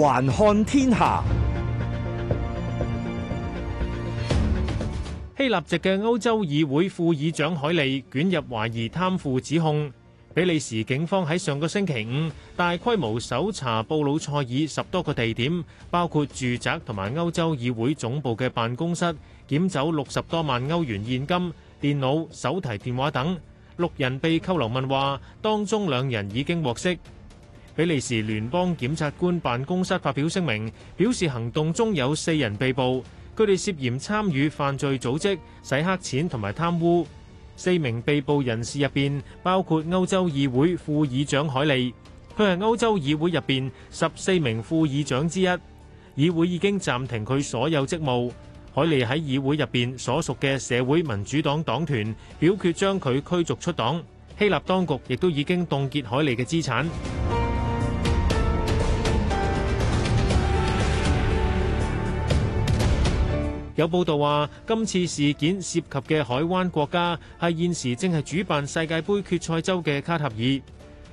環看天下，希臘籍嘅歐洲議會副議長凱莉捲入懷疑貪腐指控。比利時警方喺上個星期五大規模搜查布魯塞爾十多個地點，包括住宅同埋歐洲議會總部嘅辦公室，檢走六十多萬歐元現金、電腦、手提電話等。六人被扣留問話，當中兩人已經獲釋。比利時聯邦檢察官辦公室發表聲明，表示行動中有四人被捕，佢哋涉嫌參與犯罪組織、洗黑錢同埋貪污。四名被捕人士入邊包括歐洲議會副議長凱莉，佢係歐洲議會入邊十四名副議長之一。議會已經暫停佢所有職務。凱莉喺議會入邊所屬嘅社會民主黨黨團表決將佢驅逐出黨。希臘當局亦都已經凍結凱莉嘅資產。有報道話，今次事件涉及嘅海灣國家係現時正係主辦世界盃決賽周嘅卡塔爾。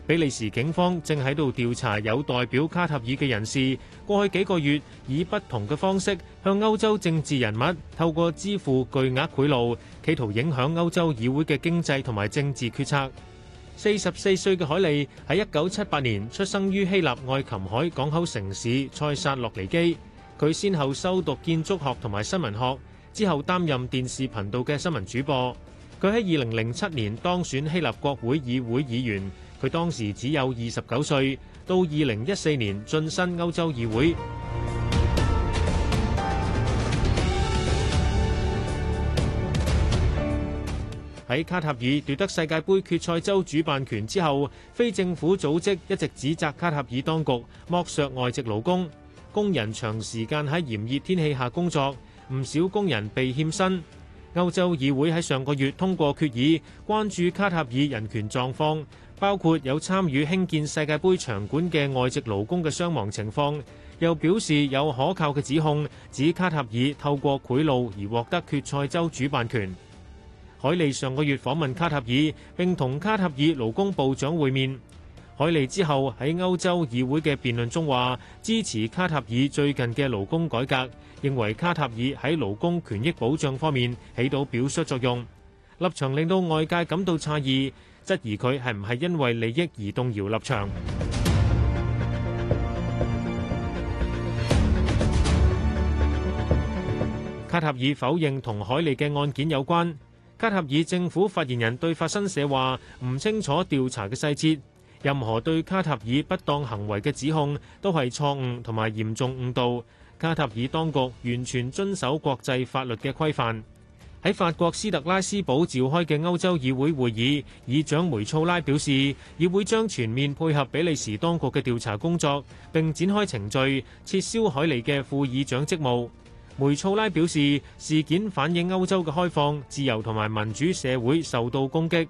比利時警方正喺度調查，有代表卡塔爾嘅人士過去幾個月以不同嘅方式向歐洲政治人物透過支付巨額賄賂，企圖影響歐洲議會嘅經濟同埋政治決策。四十四歲嘅凱莉喺一九七八年出生於希臘愛琴海港口城市塞薩洛尼基。佢先後修讀建築學同埋新聞學，之後擔任電視頻道嘅新聞主播。佢喺二零零七年當選希臘國會議會議員，佢當時只有二十九歲。到二零一四年晉身歐洲議會。喺卡塔爾奪得世界盃決賽周主辦權之後，非政府組織一直指責卡塔爾當局剝削外籍勞工。工人長時間喺炎熱天氣下工作，唔少工人被欠薪。歐洲議會喺上個月通過決議，關注卡塔爾人權狀況，包括有參與興建世界盃場館嘅外籍勞工嘅傷亡情況，又表示有可靠嘅指控指卡塔爾透過賄賂而獲得決賽周主辦權。凱莉上個月訪問卡塔爾，並同卡塔爾勞工部長會面。凱莉之後喺歐洲議會嘅辯論中話支持卡塔爾最近嘅勞工改革，認為卡塔爾喺勞工權益保障方面起到表率作用，立場令到外界感到詫異，質疑佢係唔係因為利益而動搖立場。卡塔爾否認同凱莉嘅案件有關。卡塔爾政府發言人對法新社話唔清楚調查嘅細節。任何對卡塔爾不當行為嘅指控都係錯誤同埋嚴重誤導。卡塔爾當局完全遵守國際法律嘅規範。喺法國斯特拉斯堡召開嘅歐洲議會會議，議長梅措拉表示，議會將全面配合比利時當局嘅調查工作，並展開程序，撤銷凱莉嘅副議長職務。梅措拉表示，事件反映歐洲嘅開放、自由同埋民主社會受到攻擊。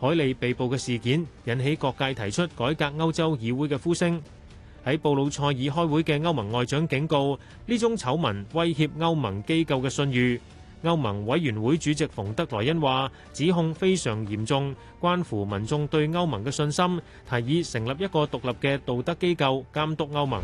凱莉被捕嘅事件引起各界提出改革歐洲議會嘅呼聲。喺布魯塞爾開會嘅歐盟外長警告，呢種醜聞威脅歐盟機構嘅信譽。歐盟委員會主席馮德萊恩話：指控非常嚴重，關乎民眾對歐盟嘅信心，提議成立一個獨立嘅道德機構監督歐盟。